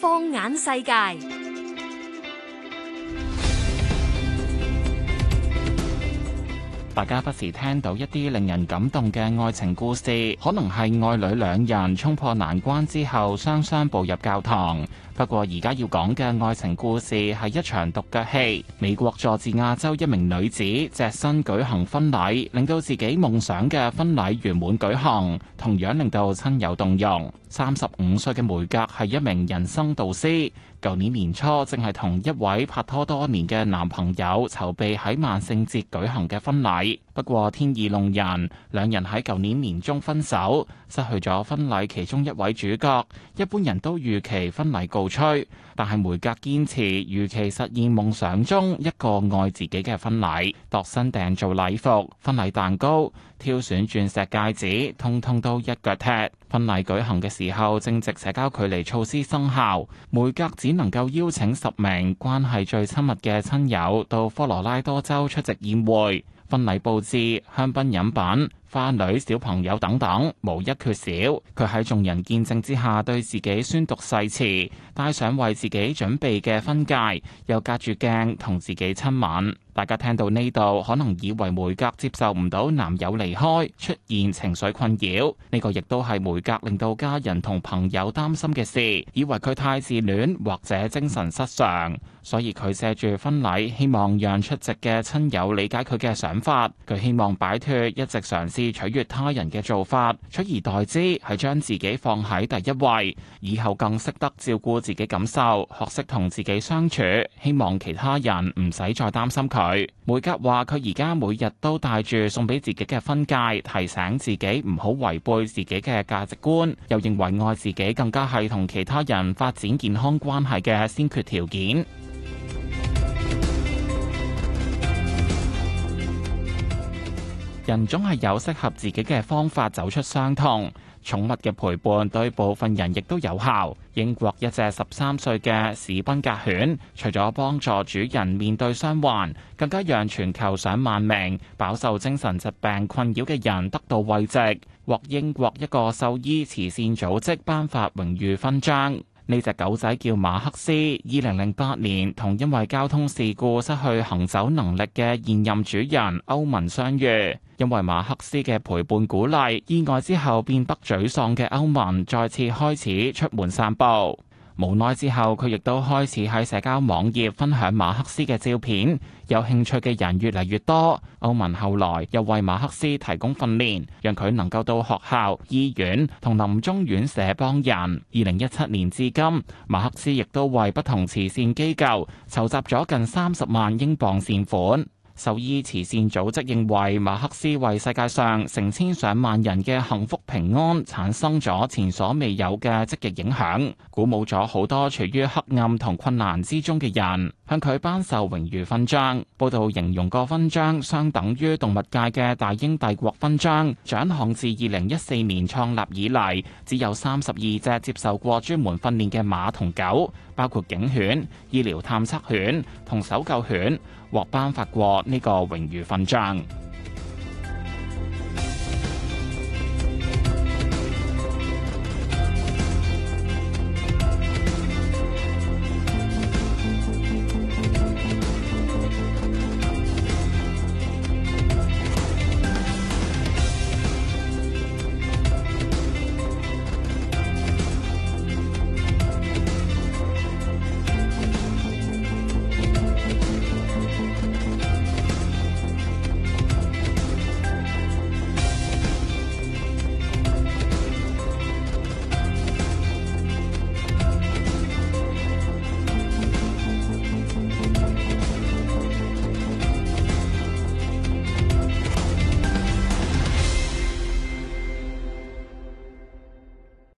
放眼世界。大家不時聽到一啲令人感動嘅愛情故事，可能係愛侶兩人衝破難關之後，雙雙步入教堂。不過而家要講嘅愛情故事係一場獨腳戲。美國佐治亞州一名女子隻身舉行婚禮，令到自己夢想嘅婚禮圓滿舉行，同樣令到親友動容。三十五歲嘅梅格係一名人生導師，舊年年初正係同一位拍拖多年嘅男朋友籌備喺萬聖節舉行嘅婚禮。不過天意弄人，兩人喺舊年年中分手，失去咗婚禮其中一位主角。一般人都預期婚禮告吹，但係梅格堅持如期實現夢想中一個愛自己嘅婚禮，度身訂做禮服、婚禮蛋糕、挑選鑽石戒指，通通都一腳踢。婚禮舉行嘅時候，正值社交距離措施生效，梅格只能夠邀請十名關係最親密嘅親友到科羅拉多州出席宴會。婚禮佈置、香檳飲品。花女、小朋友等等，無一缺少。佢喺眾人見證之下，對自己宣讀誓詞，戴上為自己準備嘅婚戒，又隔住鏡同自己親吻。大家聽到呢度，可能以為梅格接受唔到男友離開出現情緒困擾。呢個亦都係梅格令到家人同朋友擔心嘅事，以為佢太自戀或者精神失常。所以佢借住婚禮，希望讓出席嘅親友理解佢嘅想法。佢希望擺脫一直嘗試。取悅他人嘅做法，取而代之係將自己放喺第一位，以後更識得照顧自己感受，學識同自己相處。希望其他人唔使再擔心佢。梅格話：佢而家每日都帶住送俾自己嘅婚戒，提醒自己唔好違背自己嘅價值觀。又認為愛自己更加係同其他人發展健康關係嘅先決條件。人總係有適合自己嘅方法走出傷痛，寵物嘅陪伴對部分人亦都有效。英國一隻十三歲嘅史賓格犬，除咗幫助主人面對傷患，更加讓全球上萬名飽受精神疾病困擾嘅人得到慰藉，獲英國一個獸醫慈善組織頒發榮譽勳章。呢隻狗仔叫馬克思，二零零八年同因為交通事故失去行走能力嘅現任主人歐文相遇。因為馬克思嘅陪伴鼓勵，意外之後變得沮喪嘅歐文再次開始出門散步。無奈之後，佢亦都開始喺社交網頁分享馬克思嘅照片，有興趣嘅人越嚟越多。歐文後來又為馬克思提供訓練，讓佢能夠到學校、醫院同臨終院舍幫人。二零一七年至今，馬克思亦都為不同慈善機構籌集咗近三十萬英鎊善款。受獸醫慈善組織認為馬克斯為世界上成千上萬人嘅幸福平安產生咗前所未有嘅積極影響，鼓舞咗好多處於黑暗同困難之中嘅人。向佢頒授榮譽勳章。報道形容個勳章相等於動物界嘅大英帝國勳章，獎項自二零一四年創立以嚟，只有三十二隻接受過專門訓練嘅馬同狗，包括警犬、醫療探測犬同搜救犬，獲頒發過呢個榮譽勳章。